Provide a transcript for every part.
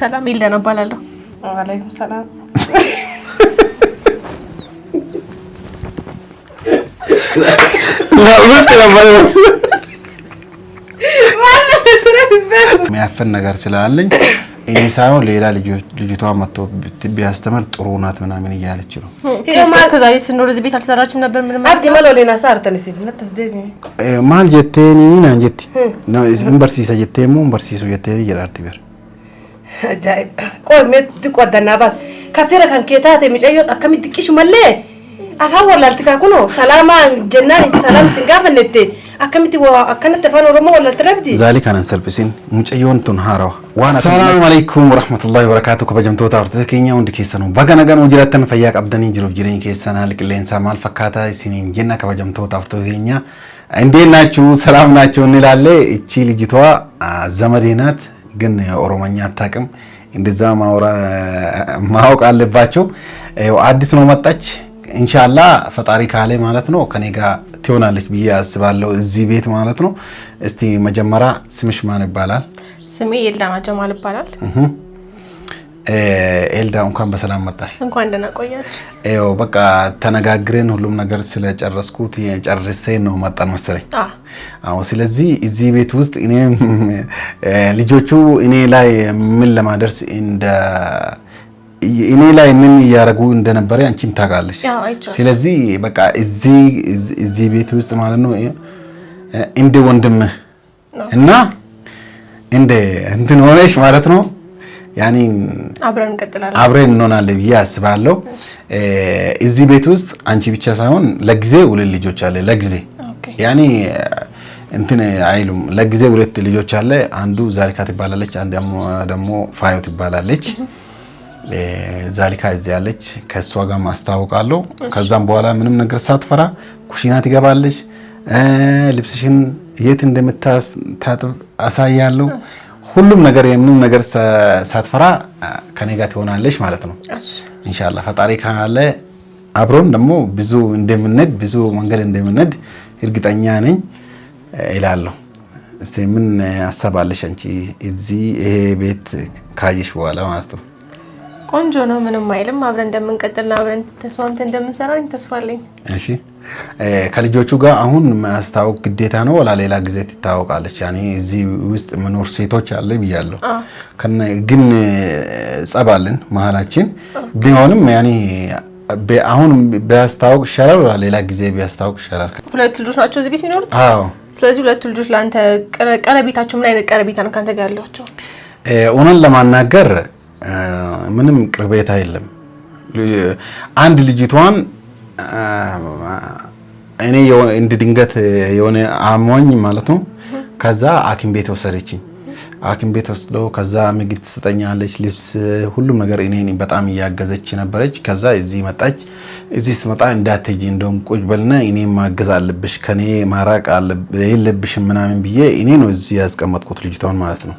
ሰላም ይልደ ነው እባላለሁ። ዋለይኩም ሰላም። የሚያፍን ነገር ስላለኝ እኔ ሳይሆን ሌላ ልጅቷ መጥቶ ቢያስተምር ጥሩ ናት ምናምን እያለች ነው። እስከዛሬ ስኖር እዚህ ቤት አልሰራችም ነበር። ማል ጀቴኒ ናን ጀቲ ጀቴሞ በርሲሱ ጀቴኒ ጀዳርቲ ቤር Ajaa'iba! Qoomee qoodannaa baas. Kaffeera kan kee taate mucayyoon akkamitti qishu mallee afaan wallaaltikaa kunoo salaamaan jennaan salaam isin gaafannette akkamitti akkanatti afaan oromoo wallaalti rabdi. Zaalii kanan salphisin mucayyoon tun haarawa. waan salaamu alaikum warahmatullahi wabarakaatu kabajamtoota hortota keenya hundi keessanuu baga naganuu jiraattan fayyaa qabdanii jiruuf jireenya keessan haali qilleensaa maal fakkaata isiniin jenna kabajamtoota hortota keenya እንዴት ናችሁ? ሰላም ናችሁ? እንላለ እቺ ልጅቷ ዘመዴ ናት። ግን ኦሮሞኛ አታውቅም። እንደዛ ማወቅ አለባቸው። አዲስ ነው መጣች። እንሻላ ፈጣሪ ካለ ማለት ነው ከኔ ጋር ትሆናለች ብዬ አስባለሁ፣ እዚህ ቤት ማለት ነው። እስቲ መጀመሪያ ስምሽ ማን ይባላል? ስሜ የልዳና ጀማል ይባላል። ኤልዳ እንኳን በሰላም መጣሽ። እንኳን ደህና ቆያችሁ። ይኸው በቃ ተነጋግረን ሁሉም ነገር ስለጨረስኩት ጨርሴ ነው መጣን መሰለኝ። አዎ። ስለዚህ እዚህ ቤት ውስጥ እኔ ልጆቹ እኔ ላይ ምን ለማደርስ እንደ እኔ ላይ ምን እያደረጉ እንደነበረ አንቺም ታውቃለች። ስለዚህ በቃ እዚህ ቤት ውስጥ ማለት ነው እንደ ወንድምህ እና እንደ እንትን ሆነሽ ማለት ነው ያኔ አብረን እንቀጥላለን አብረን እንሆናለን ብዬ አስባለሁ። እዚህ ቤት ውስጥ አንቺ ብቻ ሳይሆን ለጊዜ ሁለት ልጆች አለ። ለጊዜ ያኔ እንትን አይሉም። ለጊዜ ሁለት ልጆች አለ። አንዱ ዛሊካ ትባላለች፣ አንድ ደግሞ ፋዮ ትባላለች። ዛሊካ እዚ ያለች ከእሷ ጋር ማስታወቃለሁ። ከዛም በኋላ ምንም ነገር ሳትፈራ ኩሽና ትገባለች። ልብስሽን የት እንደምታጥብ አሳያለሁ። ሁሉም ነገር የምንም ነገር ሳትፈራ ከኔ ጋር ትሆናለች ማለት ነው። እንሻላ ፈጣሪ ካለ አብሮን ደግሞ ብዙ እንደምንሄድ ብዙ መንገድ እንደምንሄድ እርግጠኛ ነኝ ይላለሁ። እስቲ ምን ሀሳብ አንቺ እዚህ ይሄ ቤት ካየሽ በኋላ ማለት ነው? ቆንጆ ነው። ምንም አይልም። አብረን እንደምንቀጥልና አብረን ተስማምተን እንደምንሰራ ተስፋ አለኝ። እሺ ከልጆቹ ጋር አሁን ማስታወቅ ግዴታ ነው ወላ ሌላ ጊዜ ትታወቃለች? ያኔ እዚህ ውስጥ መኖር ሴቶች አለ ብያለሁ፣ ግን ጸባልን መሀላችን። ቢሆንም ያኔ አሁን ቢያስታወቅ ይሻላል ወላ ሌላ ጊዜ ቢያስታወቅ ይሻላል? ሁለት ልጆች ናቸው እዚህ ቤት የሚኖሩት። አዎ። ስለዚህ ሁለቱ ልጆች ለአንተ ቀረቤታቸው ምን አይነት ቀረቤታ ነው ከአንተ ጋር ያላቸው? እውነን ለማናገር ምንም ቅርቤታ የለም። አንድ ልጅቷን እኔ እንድ ድንገት የሆነ አሟኝ ማለት ነው። ከዛ ሐኪም ቤት ወሰደችኝ። ሐኪም ቤት ወስዶ ከዛ ምግብ ትሰጠኛለች፣ ልብስ፣ ሁሉም ነገር እኔን በጣም እያገዘች ነበረች። ከዛ እዚህ መጣች። እዚህ ስትመጣ እንዳትሄጂ እንደውም ቁጭ በልና እኔ ማገዝ አለብሽ፣ ከኔ ማራቅ የለብሽም ምናምን ብዬ እኔ ነው እዚህ ያስቀመጥኩት ልጅቷን ማለት ነው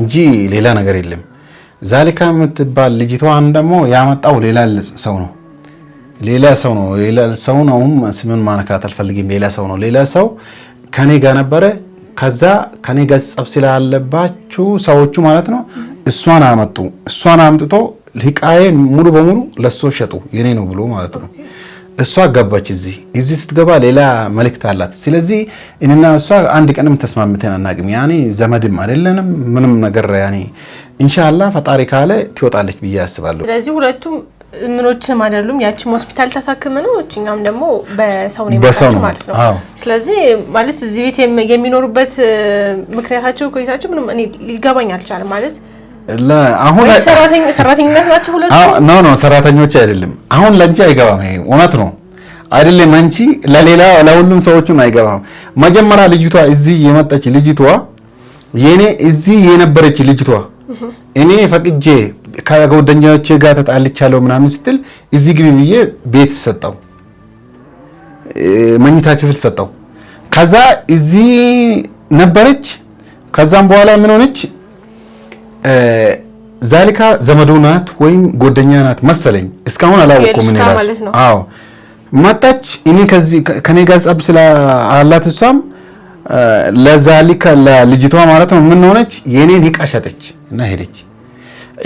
እንጂ ሌላ ነገር የለም። ዛሊካ የምትባል ልጅቷን ደግሞ ያመጣው ሌላ ሰው ነው። ሌላ ሰው ነው። ሌላ ሰው ነው። ስሙን ማነካት አልፈልግም። ሌላ ሰው ነው። ሌላ ሰው ከኔ ጋር ነበረ። ከዛ ከኔ ጋር ጸብ ስላለባችሁ ሰዎቹ ማለት ነው እሷን አመጡ። እሷን አምጥቶ ሂቃዬ ሙሉ በሙሉ ለሶ ሸጡ። የኔ ነው ብሎ ማለት ነው። እሷ ገባች እዚህ እዚህ ስትገባ ሌላ መልእክት አላት። ስለዚህ እኔና እሷ አንድ ቀንም ተስማምተን አናውቅም። ያኔ ዘመድም አይደለንም ምንም ነገር ያኔ ኢንሻላ ፈጣሪ ካለ ትወጣለች ብዬ አስባለሁ። ስለዚህ ሁለቱም ምኖችም አይደሉም። ያችም ሆስፒታል ታሳክም ነው፣ እኛም ደግሞ በሰው ነው ማለት ነው። ስለዚህ ማለት እዚህ ቤት የሚኖሩበት ምክንያታቸው ቆይታቸው ምንም እኔ ሊገባኝ አልቻለም ማለት አሁን ሰራተኝነት ናቸው ሁለቱ ሰራተኞች አይደለም። አሁን ለአንቺ አይገባም፣ ይሄ እውነት ነው አይደለም። አንቺ ለሌላ ለሁሉም ሰዎቹን አይገባም። መጀመሪያ ልጅቷ እዚህ የመጣች ልጅቷ የኔ እዚህ የነበረች ልጅቷ እኔ ፈቅጄ ከጓደኛዎቼ ጋር ተጣልቻለሁ ምናምን ስትል እዚህ ግቢ ብዬ ቤት ሰጠው፣ መኝታ ክፍል ሰጠው። ከዛ እዚህ ነበረች። ከዛም በኋላ ምን ሆነች? ዛሊካ ዘመዶ ናት ወይም ጎደኛ ናት መሰለኝ፣ እስካሁን አላወኩም። ምን እራሱ አዎ፣ መጣች። እኔ ከዚህ ከኔ ጋር ጸብ ስለ አላት እሷም ለዛሊካ ለልጅቷ ማለት ነው። ምን ሆነች? የኔን እቃ ሸጠች። እና ሄደች።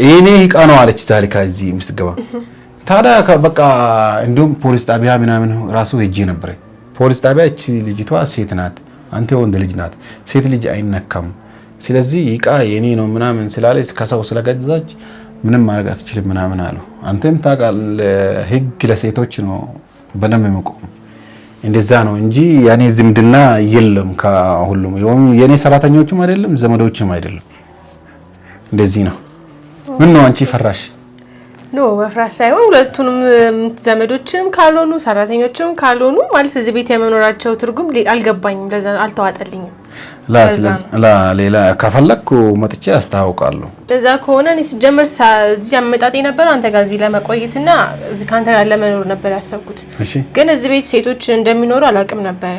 የኔ እቃ ነው አለች ታሪካ እዚህ ምስትገባ ታዲያ በቃ እንዲሁም ፖሊስ ጣቢያ ምናምን ራሱ ሄጄ ነበረ። ፖሊስ ጣቢያ እቺ ልጅቷ ሴት ናት፣ አንተ ወንድ ልጅ ናት፣ ሴት ልጅ አይነካም። ስለዚህ እቃ የኔ ነው ምናምን ስላለ ከሰው ስለገዛች ምንም ማድረግ አትችልም ምናምን አሉ። አንተም ታውቃለህ ህግ ለሴቶች ነው በደንብ የሚቆም እንደዛ ነው እንጂ ያኔ ዝምድና የለም ከሁሉም የኔ ሰራተኞችም አይደለም ዘመዶችም አይደለም። እንደዚህ ነው። ምን ነው አንቺ ፈራሽ? ኖ መፍራት ሳይሆን ሁለቱንም ዘመዶችም ካልሆኑ ሰራተኞችም ካልሆኑ ማለት እዚህ ቤት የመኖራቸው ትርጉም አልገባኝም፣ ለዛ አልተዋጠልኝም። ሌላ ከፈለግኩ መጥቼ አስተዋውቃለሁ። ለዛ ከሆነ እኔ ስጀምር እዚህ አመጣጤ ነበር አንተ ጋር እዚህ ለመቆየትና ከአንተ ጋር ለመኖር ነበር ያሰብኩት፣ ግን እዚህ ቤት ሴቶች እንደሚኖሩ አላውቅም ነበረ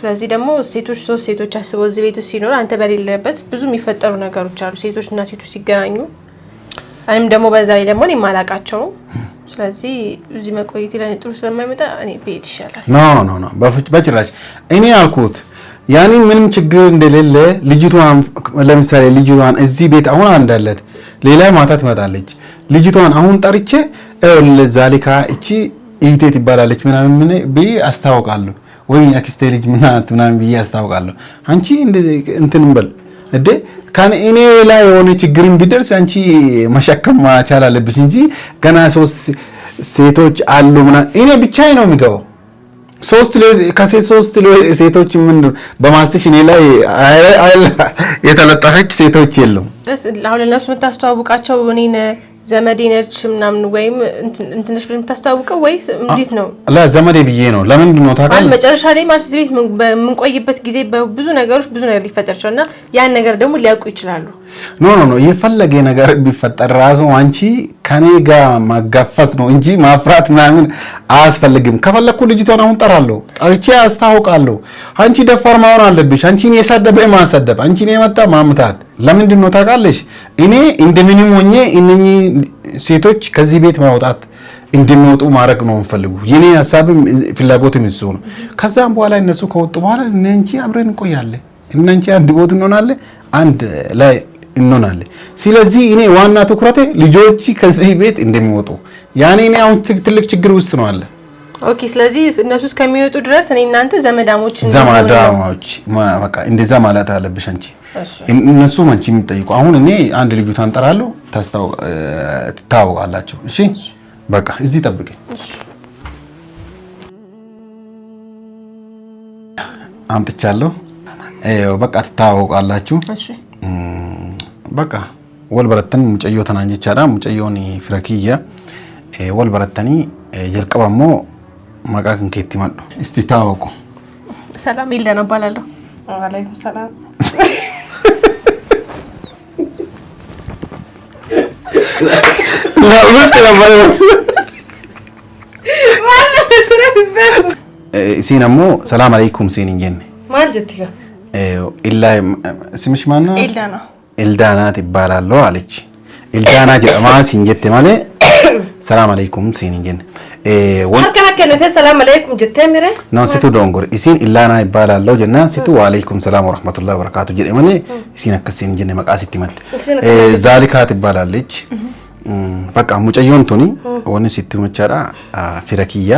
ስለዚህ ደግሞ ሴቶች ሶስት ሴቶች አስበው እዚህ ቤት ውስጥ ሲኖር አንተ በሌለበት ብዙ የሚፈጠሩ ነገሮች አሉ። ሴቶች ሴቶችና ሴቶች ሲገናኙ እኔም ደግሞ በዛ ላይ ደግሞ እኔ የማላውቃቸው ስለዚህ እዚህ መቆየት ላይ ጥሩ ስለማይመጣ እኔ ብሄድ ይሻላል። በጭራሽ እኔ አልኩት ያኔ ምንም ችግር እንደሌለ ልጅቷን ለምሳሌ ልጅቷን እዚህ ቤት አሁን አንዳለት ሌላ ማታ ትመጣለች። ልጅቷን አሁን ጠርቼ ዛሊካ እቺ ኢቴት ትባላለች ምናምን ብዬ አስታውቃለሁ። ወይ ያክስቴ ልጅ ምናት ምናምን ብዬ አስታውቃለሁ። አንቺ እንትን በል እዴ እኔ ላይ የሆነ ችግርን ቢደርስ አንቺ መሸከም መቻል አለብሽ እንጂ ገና ሶስት ሴቶች አሉ ምናምን እኔ ብቻዬ ነው የሚገባው። ሶስት ከሴት ሶስት ሴቶች ምን በማስትሽ እኔ ላይ የተለጠፈች ሴቶች የለም። አሁን ለእነሱ የምታስተዋውቃቸው እኔን ዘመዴ ነች ምናምን ወይም እንትንሽ ብለሽ የምታስተዋውቀው ወይስ እንዴት ነው? ለዘመዴ ብዬ ነው። ለምንድን ነው ታውቃለህ? መጨረሻ ላይ ማለት እዚህ ቤት በምንቆይበት ጊዜ ብዙ ነገሮች ብዙ ነገር ሊፈጠር ይችላል እና ያን ነገር ደግሞ ሊያውቁ ይችላሉ። ኖ ኖ ኖ የፈለገ ነገር ቢፈጠር ራሱ አንቺ ከኔ ጋር ማጋፈት ነው እንጂ ማፍራት ምናምን አያስፈልግም። ከፈለግኩ ልጅቷን አሁን ጠራለሁ፣ ጠርቼ አስታውቃለሁ። አንቺ ደፋር መሆን አለብሽ። አንቺን የሰደበ ማሰደብ፣ አንቺን የመጣ ማምታት ለምንድን ነው እኔ እንደምንም ሆኜ እነኚህ ሴቶች ከዚህ ቤት ማውጣት እንደሚወጡ ማድረግ ነው የምፈልጉ። የኔ ሀሳብም ፍላጎትም እሱ ነው። ከዛም በኋላ እነሱ ከወጡ በኋላ እነንቺ አብረን እንቆያለን፣ እነንቺ አንድ ቦት እንሆናለን፣ አንድ ላይ እንሆናለን። ስለዚህ እኔ ዋና ትኩረቴ ልጆች ከዚህ ቤት እንደሚወጡ ያኔ እኔ አሁን ትልቅ ችግር ውስጥ ነው አለ ኦኬ። ስለዚህ እነሱ እስከሚወጡ ድረስ እኔ እናንተ ዘመዳሞች ዘመዳሞች በቃ እንደዛ ማለት አለብሽ አንቺ። እነሱ አንቺ የሚጠይቁ አሁን እኔ አንድ ልጁ ታንጠራለሁ፣ ትታወቃላችሁ። እሺ በቃ እዚህ ጠብቀኝ። አምጥቻለሁ። በቃ ትታወቃላችሁ። በቃ ወልበረተን ሙጨዮ ተናንጅቻዳ ሙጨዮን ፍረክያ ወልበረተኒ ጀልቀበሞ maqaa kan keetti madhu. Isti taawaqu. ሰላም ይለና እባላለሁ። ወአለይኩም ሰላም። isiin ammoo salaam aleikum siin hin jenne. maal jetti gaa? illaa isimish maanna? Ildaana. Ildaanaati ibbaalaaloo aalichi. Ildaanaa jedhamaa siin jette malee salaam aleikum siin hin jenne. Harka kennite ሰላም አለይኩም jettee mire non situ dongor isin illana ibalallo jennan situ wa alaykum salam wa rahmatullahi wa barakatuh jedhe mane isin akkasin jenne maqaa sitti malte zaalikaat ibalallich በቃ ሙጨዮን ቱኒ ወን ሲቲ መቻራ ፊረኪያ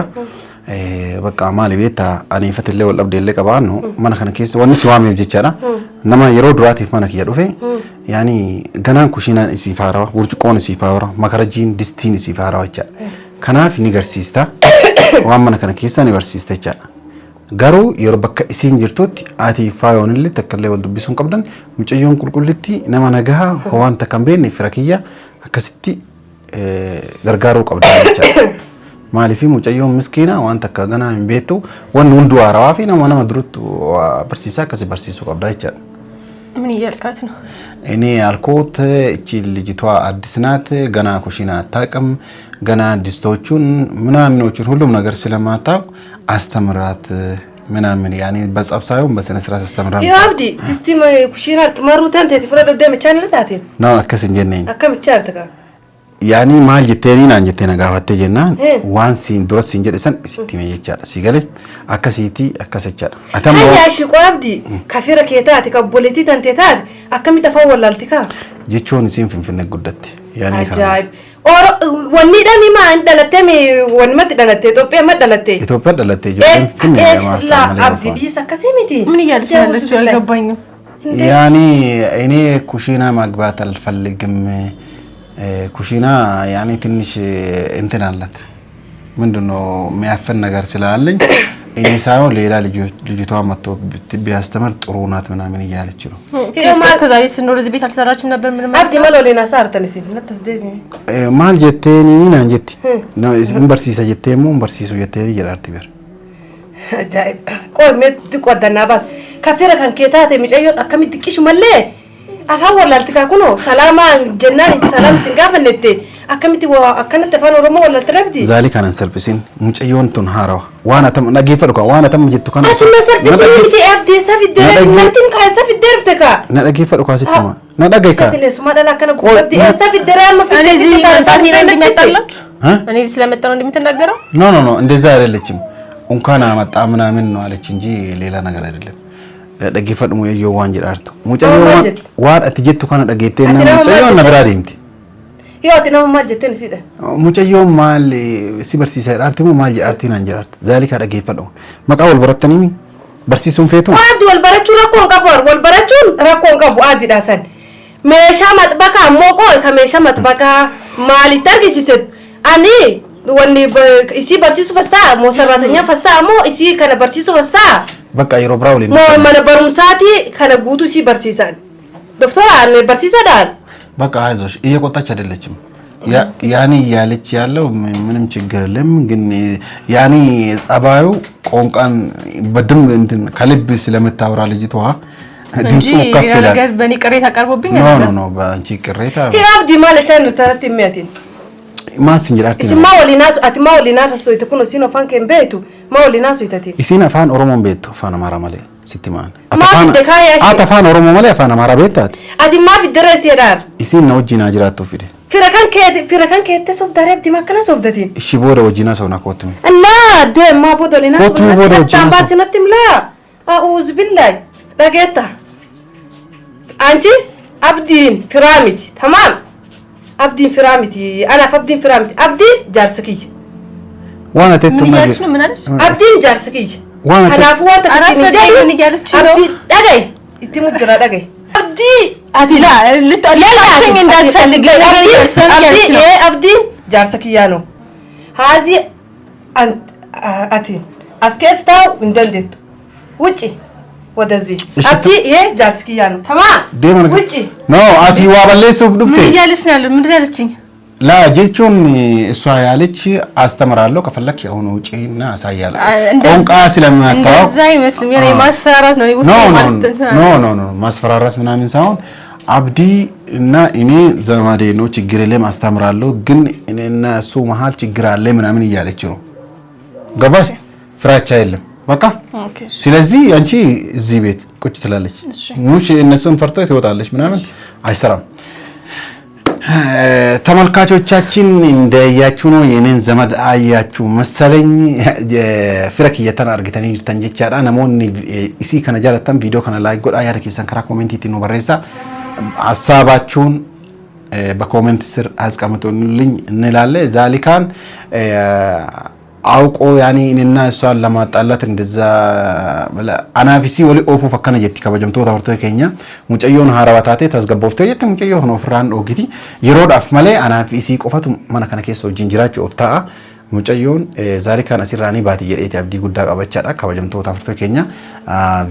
በቃ ማሊ ቤታ አኔፈትሌ ወልቀብዴሌ ቀባኑ መነ ከነ ኬስ ወን ሲዋሜ ጀቻራ ነማ የሮ ዱራቲፍ መነ ኪያ ዱፌ ያኒ ገናን ኩሺናን ሲፋራ ቡርጭቆን ሲፋራ ማከረጂን ዲስቲን ሲፋራ ወቻ ከናፍ ኒገርሲስታ waan mana kana keessaa ni barsiiste jechaadha. Garuu yeroo bakka isiin jirtutti ati faayoonillee takkaallee wal dubbisuun qabdan mucayyoon qulqullitti nama nagaa waan takka hin beekne fira kiyya akkasitti gargaaruu qabdan jechaadha. Maaliif mucayyoon miskiina waan takka ganaa hin beektu wanni hundi waarawaa fi nama nama duratti barsiisaa akkasii barsiisuu qabda jechaadha. ምን እያልካት ነው? እኔ ያልኩት እቺ ልጅቷ አዲስ ናት፣ ገና ኩሽና አታውቅም፣ ገና ድስቶቹን ምናምኖቹን ሁሉም ነገር ስለማታውቅ አስተምራት ምናምን ያኔ በጸብ ሳይሆን በስነ ስርዓት አስተምራ ነው። ስቲ ኩሽና ጥመሩተን ተትፍረደ ደምቻን ለታቴ ነው አከስ እንጀነኝ አከምቻ አርተካ yaani maal jetteeni naan jettee na gaafattee jennaan waan siin dura siin jedhe san isitti mee jechaadha si gale akkasiitii akkas jechaadha. Atamoo. waan yaashi qoabdi kafira kee taate ka boletii tante taate akkamitti afaan wallaalti kaa. Jechuun isiin finfinnee guddatte. Ajaa'ib oro Wanni dhaan himaa hin dhalattee wanumatti dhalattee Itoophiyaa ma dhalattee? Itoophiyaa dhalattee jechuun finne namaa fi malee abdii biyya akkasii miti. ምን እያልሽ ያለችው አልገባኝም። ያኔ እኔ ኩሽና ማግባት አልፈልግም ኩሽና ያኔ ትንሽ እንትን አላት ምንድነው የሚያፈን ነገር ስላለኝ እኔ ሳይሆን ሌላ ልጅቷ መጥቶ ቢያስተምር ጥሩ ናት ምናምን እያለች ነው። ማል ጀቴኒ ናን ጀቲ እንበርሲሰ ጀቴሙ እንበርሲሱ ጀቴኒ ጀራርቲ በር ቆሜ ቆደና ባስ ከፊረ ከንኬታት የሚጨዮ አከሚት ቂሹ afaan walaaltikaa kuno salaamaa jennaan salaam isin gaafannette akkamitti akkanatti afaan oromoo walaalti rabdi zaali kana hin salphisin mucayyoon tun haarawa waan atam dhageeffadhu kan waan atam jettu kana asuma salphisin fi abdii isaa fiddee nantiin kaa isaa fiddee rufte kaa na dhageeffadhu kaa sittuma na dhagay kaa suma dhala akkana gubbatti isaa fiddee raama fiddee ዚህ መምጣት እንደሚያጣላችሁ እኔ ስለመጣ ነው እንደምትናገረው ኖ ኖ ኖ እንደዛ አይደለችም እንኳን አመጣ ምናምን ነው አለች እንጂ ሌላ ነገር አይደለም dhaggeeffadhumu eeyyoo waan jedhaartu. Mucayyoon waan ati jettu kana dhageettee nama mucayyoon na biraa deemti. Yoo ati nama maal jetteen siidha? Mucayyoon maal si barsiisaa jedhaarti moo maal jedhaarti naan jedhaarti? Zaalikaa dhaggeeffadhu. Maqaa wal barattanii barsiisuun feetu. Aadi wal barachuun rakkoo hin qabu. Wal barachuun rakkoo hin qabu aadidha san. Meeshaa maxbakaa immoo qoo ka meeshaa maxbakaa maalitti argisiisetu. Ani wanni isii barsiisuufas ta'a moo sarratanya fas ta'a moo isii kana barsiisuufas ta'a? Bakka yeroo biraa waliin. Moo mana barumsaati kana guutuu isii barsiisan. Doktora barsiisadhaan. በቃ አይዞሽ እየቆጣች አይደለችም። ያኔ እያለች ያለው ምንም ችግር የለም፣ ግን ያኔ ጸባዩ ቆንቃን በድም እንትን ከልብ ስለምታወራ ልጅቷ ድምፁ ከፍ ይላል። በእኔ ቅሬታ ቀርቦብኝ ኖ ኖ ኖ በአንቺ ቅሬታ ሂራብ ዲማ ለቻን ተረት የሚያቲን ማስንጅራት ስማ ወሊና አትማ ወሊና ተሶ ይተኩኖ ሲኖ ፋንከን ቤቱ مولي ناس ويتاتي يسين افان اورومون بيتو فانا مارا مالي ستي مان اتفان ما اتفان اورومون مالي فانا مارا بيتات ادي ما في درس يدار يسين نو جينا جرات تو فيدي فيركان كي فيركان كي تسوب داريب دي ما كان سوب داتين شي بورا وجينا سونا كوتم لا دي ما بودو لينا كوتم بورا وجينا بس نتم لا اعوذ بالله باغيتا انتي عبدين فراميتي تمام عبدين فراميتي انا فابدين فراميتي عبدين جارسكي waan ati itti uummattee. Abdiin jaarsi kiyya. Waan ati. Kanaafuu waan taasisan ijaarri abdiin dhagaye itti mujjira dhagaye. Abdii ati laa lixxollee indaatፈልግ abdiin jaarsa kiyyaa no haazii atiin as keessa taa'u hin dandeettu wucci ወደዚህ አብዲ ይሄ ጃርስ ክያ ነው ተማ ውጭ ኖ አቲ ዋ በሌሱፍ ዱፍቴ ምን እያለች ነው ያለ ምንድን ያለችኝ ላጀቹን እሷ ያለች አስተምራለሁ ከፈለክ የሆነ ውጪና አሳያለሁ። ቋንቋ ስለማታወቅ እዛ ይመስልም የኔ ማስፈራራት ነው ውስጥ ማለት ነው። ኖ ኖ ማስፈራራት ምናምን ሳይሆን አብዲ እና እኔ ዘመዴ ነው ችግር የለም አስተምራለሁ፣ ግን እኔና እሱ መሀል ችግር አለ ምናምን እያለች ነው። ገባሽ? ፍራቻ የለም በቃ። ስለዚህ አንቺ እዚህ ቤት ቁጭ ትላለች። ሙሽ እነሱን ፈርቶ ትወጣለች ምናምን አይሰራም። ተመልካቾቻችን እንደያችሁ ነው። የኔን ዘመድ አያችሁ መሰለኝ ፍረክ እየተን አርግተን ነሞን እሲ ከነ ጃለተን ቪዲዮ ከነ ላይ ጎዳ ያደ ኪሰን ኮሜንት ይቲኑ በሬሳ ሀሳባችሁን በኮሜንት ስር አስቀምጡልኝ እንላለ ዛሊካን አውቆ ያኔ እኔና እሷን ለማጣላት እንደዛ አናፊሲ ወሊ ኦፉፍ አከነ ጀቲ ከበጀምቶ ተወርቶ ከኛ ሙጨዮን ሀራባታቴ ተስገቦፍቶ ጀቲ ሙጨዮ ሆኖ ፍራን ኦጊቲ የሮዳፍ መለ አናፊሲ ቆፈቱ ማና ከነ ኬሶ ጅንጅራች ኦፍታ ሙጨዮን ዛሬ ካን አሲራኒ ባቲ ጀቲ አብዲ ጉዳ ቀበቻዳ ከበጀምቶ ተወርቶ ከኛ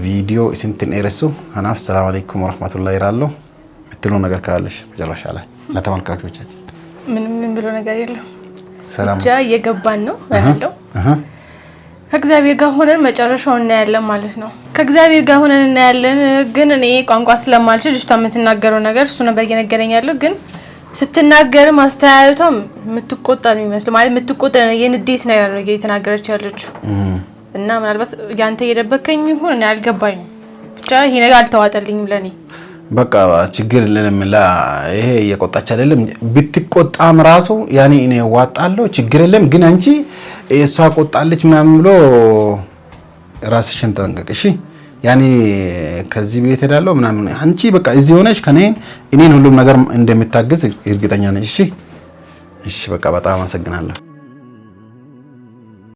ቪዲዮ ስንትን ኤረሱ አናፍ ሰላም አለይኩም ወራህመቱላሂ ይራሎ ምትሉ ነገር ካለሽ መጨረሻ ላይ ለተመልካቾቻችን ምንም ብሎ ነገር የለም ብቻ እየገባን ነው ያለው። ከእግዚአብሔር ጋር ሆነን መጨረሻው እናያለን ማለት ነው። ከእግዚአብሔር ጋር ሆነን እናያለን። ግን እኔ ቋንቋ ስለማልችል ልጅቷ የምትናገረው ነገር እሱ ነበር እየነገረኝ ያለው። ግን ስትናገር ማስተያየቷ የምትቆጣ ነው የሚመስለው። ማለት የምትቆጣ የንዴት ነገር ነው እየተናገረች ያለችው እና ምናልባት ያንተ እየደበከኝ ይሁን እኔ አልገባኝም። ብቻ ይሄ ነገር አልተዋጠልኝም ለእኔ በቃ ችግር ለምላ ይሄ እየቆጣች አይደለም። ብትቆጣም ራሱ ያኔ እኔ ዋጣለሁ ችግር የለም ግን አንቺ እሷ ቆጣለች ምናምን ብሎ ራስሽን ተጠንቀቅ እሺ። ያኔ ከዚህ ቤት ሄዳለሁ ምናምን አንቺ በቃ እዚህ ሆነሽ ከኔን እኔን ሁሉም ነገር እንደምታግዝ እርግጠኛ ነኝ። እሺ እሺ፣ በቃ በጣም አመሰግናለሁ።